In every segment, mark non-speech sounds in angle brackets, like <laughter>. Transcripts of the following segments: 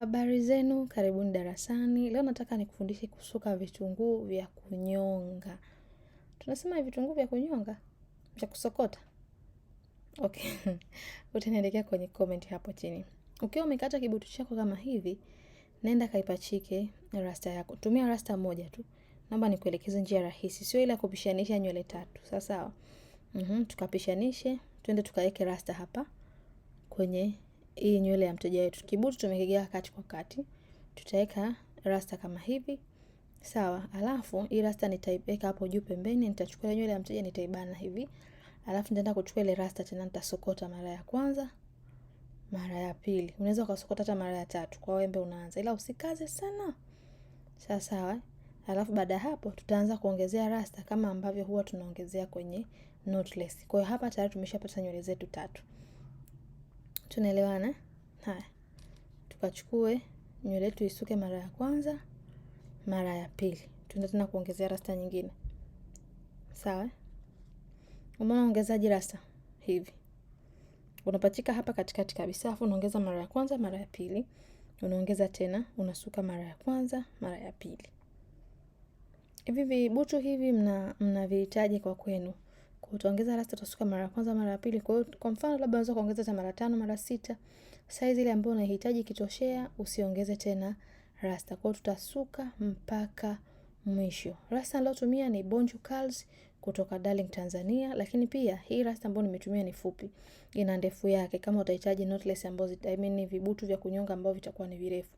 Habari zenu, karibuni darasani. Leo nataka nikufundishe kusuka vitunguu vya kunyonga. Tunasema vitunguu vya kunyonga, vya kusokota. Okay. <laughs> Utaniandikia kwenye comment hapo chini. Ukiwa umekata kibutu chako kama hivi, nenda kaipachike rasta yako. Tumia rasta moja tu. Naomba nikuelekeze njia rahisi, sio ile ya kupishanisha nywele tatu. Sawa sawa. Mhm, tukapishanishe, twende tukaweke rasta hapa kwenye hii nywele ya mteja wetu. Kibutu tumekigea kati kwa kati, tutaweka rasta kama hivi, sawa. Alafu hii rasta nitaiweka hapo juu pembeni, nitachukua nywele ya mteja nitaibana hivi, alafu nitaenda kuchukua ile rasta tena, nitasokota mara ya kwanza, mara ya pili, unaweza ukasokota hata mara ya tatu, kwa wembe unaanza, ila usikaze sana, sawa sawa. Alafu baada ya hapo tutaanza kuongezea rasta kama ambavyo huwa tunaongezea kwenye knotless. Kwa hiyo hapa tayari tumeshapata nywele zetu tatu. Tunaelewana? Haya, tukachukue nywele yetu isuke mara ya kwanza, mara ya pili, tuende tena kuongezea rasta nyingine. Sawa, umeona ongezaji rasta hivi unapachika hapa katikati kabisa, afu unaongeza mara ya kwanza, mara ya pili, unaongeza tena, unasuka mara ya kwanza, mara ya pili. Hivi vibutu hivi mna mnavihitaji kwa kwenu utaongeza rasta, utasuka mara ya kwanza, mara ya pili. Kwa hiyo kwa mfano labda unaweza kuongeza hata mara tano, mara sita. Size ile ambayo unahitaji kitoshea, usiongeze tena rasta. Kwa hiyo tutasuka mpaka mwisho. Rasta nilotumia ni Bonju Curls kutoka Darling Tanzania, lakini pia hii rasta ambayo nimetumia ni fupi, ina ndefu yake. Kama utahitaji knotless ambazo I mean ni vibutu vya kunyonga ambavyo vitakuwa ni virefu,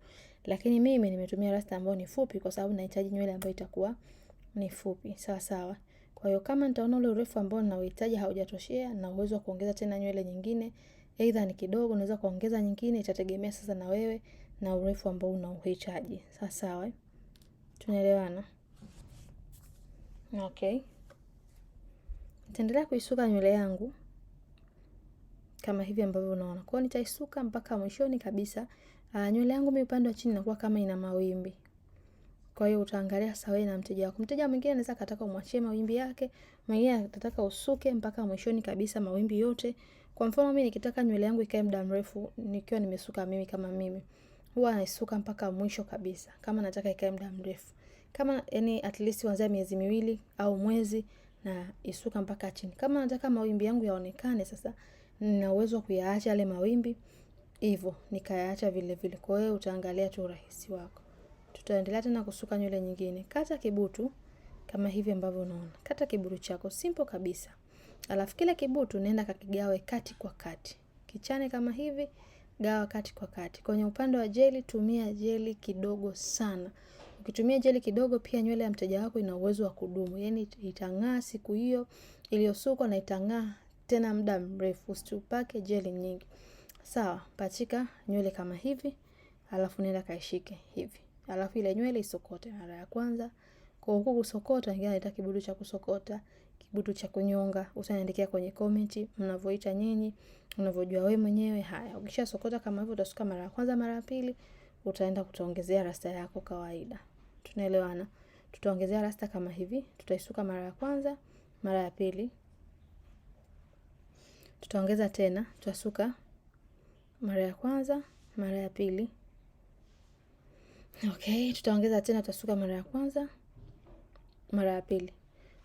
lakini mimi nimetumia rasta ambayo ni fupi kwa sababu nahitaji nywele ambayo itakuwa ni fupi. Sawa sawa. Kwa hiyo kama nitaona ule urefu ambao ninauhitaji haujatoshea na uwezo wa kuongeza tena nywele nyingine, aidha ni kidogo naweza kuongeza nyingine, itategemea sasa na wewe na urefu ambao unauhitaji. Sawa sawa. Tunaelewana? Okay. Nitaendelea kuisuka nywele yangu kama hivi ambavyo unaona. Kwa hiyo nitaisuka mpaka mwishoni kabisa. Uh, nywele yangu mimi upande wa chini inakuwa kama ina mawimbi. Kwa hiyo utaangalia sawa na mteja wako. Mteja mwingine anaweza kataka umwachie mawimbi yake, mwingine atataka usuke mpaka mwishoni kabisa mawimbi yote. Kwa mfano mimi nikitaka nywele yangu ikae muda mrefu nikiwa nimesuka mimi kama mimi. Huwa naisuka mpaka mwisho kabisa kama nataka ikae muda mrefu. Kama yani at least kuanzia miezi miwili au mwezi na isuka mpaka chini. Kama nataka mawimbi yangu yaonekane sasa nina uwezo wa kuyaacha yale mawimbi. hivyo nikayaacha vile vile. Kwa hiyo utaangalia tu urahisi wako tutaendelea tena kusuka nywele nyingine. Kata kibutu kama hivi ambavyo unaona, kata kibutu chako simple kabisa, alafu kile kibutu nenda kakigawe kati kwa kati, kichane kama hivi, gawa kati kwa kati. Kwenye upande wa jeli, tumia jeli kidogo sana. Ukitumia jeli kidogo, pia nywele ya mteja wako ina uwezo wa kudumu, yani itang'aa siku hiyo iliyosukwa na itang'aa tena muda mrefu. Usitupake jeli nyingi, sawa? Pachika nywele kama hivi, alafu nenda kaishike hivi alafu ile nywele isokote mara ya kwanza. Kwa huko kusokota, ingia nita kibudu cha kusokota, kibudu cha kunyonga. usaniandikia kwenye comment mnavyoita nyinyi, mnavyojua wewe mwenyewe. Haya, ukisha sokota kama hivyo, utasuka mara ya kwanza, mara ya pili utaenda kutaongezea rasta yako kawaida. Tunaelewana? Tutaongezea rasta kama hivi, tutaisuka mara ya kwanza, mara ya pili tutaongeza tena, tutasuka mara ya kwanza, mara ya pili Okay, tutaongeza tena, tutasuka mara ya kwanza, mara ya pili.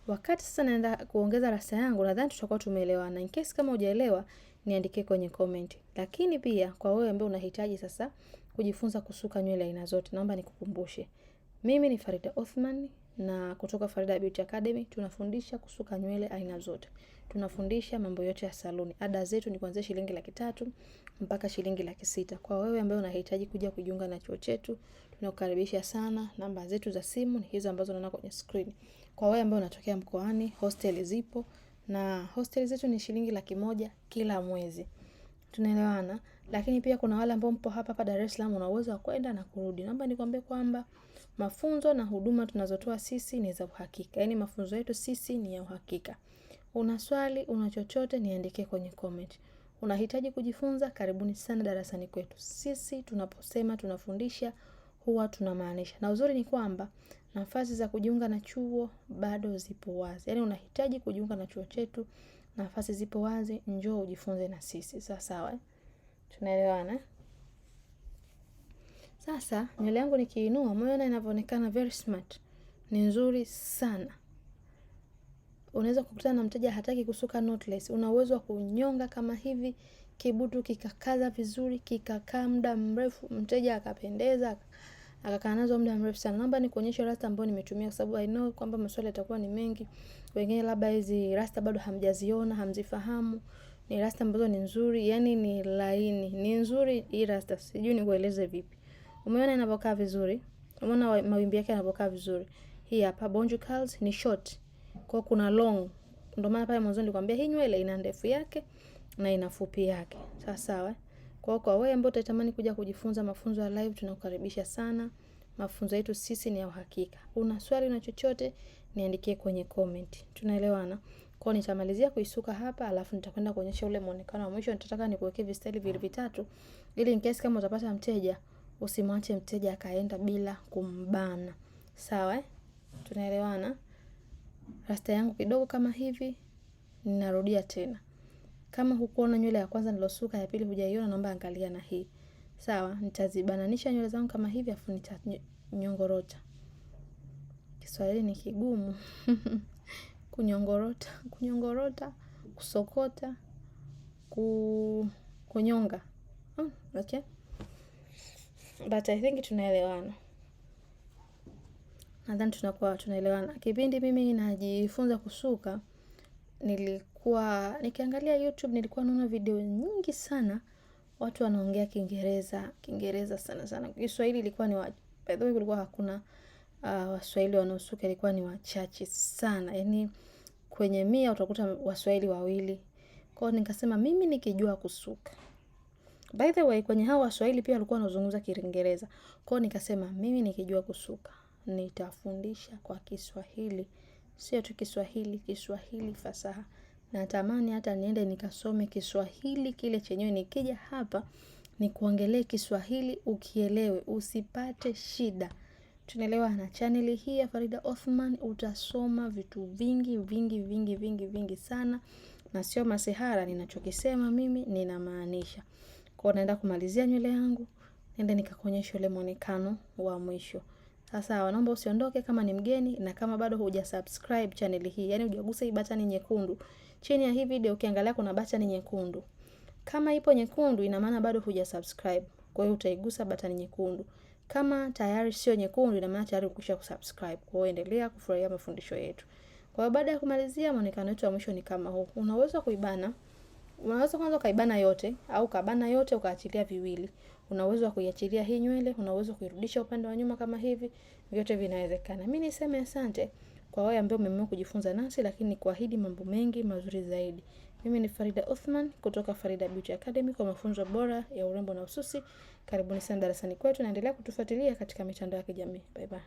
Wakati sasa naenda kuongeza rasta yangu, nadhani tutakuwa tumeelewana. In case kama hujaelewa, niandikie kwenye comment. Lakini pia kwa wewe ambaye unahitaji sasa kujifunza kusuka nywele aina zote, naomba nikukumbushe. Mimi ni Farida Othman na kutoka Farida Beauty Academy tunafundisha kusuka nywele aina zote, tunafundisha mambo yote ya saluni. Ada zetu ni kuanzia shilingi laki tatu mpaka shilingi laki sita. Kwa wewe ambaye unahitaji kuja kujiunga na chuo chetu, tunakukaribisha sana. Namba zetu za simu ni hizo ambazo unaona kwenye screen. Kwa wewe ambaye unatokea mkoani, hostel zipo na hostel zetu ni shilingi laki moja kila mwezi. Tunaelewana? Lakini pia kuna wale ambao mpo hapa hapa Dar es Salaam, una uwezo wa kwenda na kurudi. Naomba nikwambie kwamba kwa Mafunzo na huduma tunazotoa sisi ni za uhakika, yaani mafunzo yetu sisi ni ya uhakika. Una swali, una chochote, niandikie kwenye comment. Unahitaji kujifunza? Karibuni sana darasani kwetu. Sisi tunaposema tunafundisha huwa tunamaanisha, na uzuri ni kwamba nafasi za kujiunga na chuo bado zipo wazi. Yaani unahitaji kujiunga na chuo chetu, nafasi zipo wazi, njoo ujifunze na sisi. Sawa sawa, tunaelewana? Sasa nywele yangu nikiinua, umeona inavyoonekana very smart, ni nzuri sana. Unaweza kukutana na mteja hataki kusuka knotless, una uwezo wa kunyonga kama hivi, kibutu kikakaza vizuri, kikakaa muda mrefu, mteja akapendeza, akakaa nazo muda mrefu sana. Naomba nikuonyeshe rasta ambayo nimetumia, kwa sababu I know kwamba maswali yatakuwa ni mengi, wengine labda hizi rasta bado hamjaziona, hamzifahamu. Ni rasta ambazo ni nzuri, yani ni laini, ni nzuri hii rasta, sijui nikueleze vipi. Umeona inavyokaa vizuri? Umeona mawimbi yake yanavyokaa vizuri. Hii hapa Bonjour curls ni short. Kwa kuna long. Ndio maana pale mwanzo nilikwambia hii nywele ina ndefu yake na ina fupi yake. Sawa sawa. Kwa kwa wewe ambaye utatamani kuja kujifunza mafunzo ya live tunakukaribisha sana. Mafunzo yetu sisi ni ya uhakika. Una swali na chochote niandikie kwenye comment. Tunaelewana. Kwa nitamalizia kuisuka hapa alafu nitakwenda kuonyesha ule muonekano wa mwisho. Nitataka nikuwekee vistyle vile vitatu ili in case kama utapata mteja usimwache mteja akaenda bila kumbana. Sawa eh? Tunaelewana? Rasta yangu kidogo kama hivi, ninarudia tena. Kama hukuona nywele ya kwanza nilosuka, ya pili hujaiona, naomba angalia na hii. Sawa, nitazibananisha nywele zangu kama hivi, afu nitanyongorota. Kiswahili ni kigumu <laughs> kunyongorota, kunyongorota, kusokota, ku... kunyonga. Hmm, okay but I think tunaelewana, nadhani tunakuwa tunaelewana. Kipindi mimi najifunza kusuka, nilikuwa nikiangalia YouTube, nilikuwa naona video nyingi sana watu wanaongea Kiingereza, Kiingereza sana sana. Kiswahili ilikuwa ni by the way, kulikuwa hakuna uh, Waswahili wanaosuka, ilikuwa ni wachache sana, yaani kwenye mia utakuta Waswahili wawili. Kwao nikasema mimi nikijua kusuka By the way, kwenye hao Waswahili pia walikuwa wanazungumza Kiingereza. Kwao nikasema mimi nikijua kusuka nitafundisha kwa Kiswahili, sio tu Kiswahili, Kiswahili fasaha. Natamani hata niende nikasome Kiswahili kile chenyewe, nikija hapa nikuongelee Kiswahili ukielewe, usipate shida. Tunaelewa na chaneli hii ya Farida Othman utasoma vitu vingi vingi vingi vingi vingi sana, na sio masihara Ninachokisema mimi ninamaanisha. Kwa naenda kumalizia nywele yangu, nende nikakuonyesha ule muonekano wa mwisho. Sasa naomba usiondoke kama ni mgeni na kama bado hujasubscribe channel hii, yani hujagusa hii button nyekundu. Chini ya hii video ukiangalia kuna button nyekundu. Kama ipo nyekundu ina maana bado hujasubscribe. Kwa hiyo utaigusa button nyekundu. Kama tayari sio nyekundu ina maana tayari ukisha kusubscribe. Kwa hiyo endelea kufurahia mafundisho yetu. Kwa hiyo baada ya kumalizia muonekano wetu wa mwisho ni kama huu. Unaweza kuibana Unaweza kwanza ukaibana yote au ukabana yote ukaachilia viwili. Una uwezo wa kuiachilia hii nywele, una uwezo kuirudisha upande wa nyuma kama hivi. Vyote vinawezekana. Mimi niseme asante kwa wale ambao mmeamua kujifunza nasi, lakini kuahidi mambo mengi mazuri zaidi. Mimi ni Farida Othman kutoka Farida Beauty Academy kwa mafunzo bora ya urembo na ususi. Karibuni sana darasani kwetu, naendelea kutufuatilia katika mitandao ya kijamii. Bye bye.